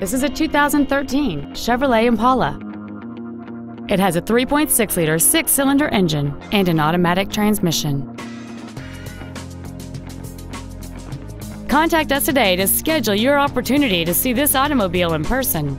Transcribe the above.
This is a 2013 Chevrolet Impala. It has a 3.6-liter six-cylinder engine and an automatic transmission. Contact us today to schedule your opportunity to see this automobile in person.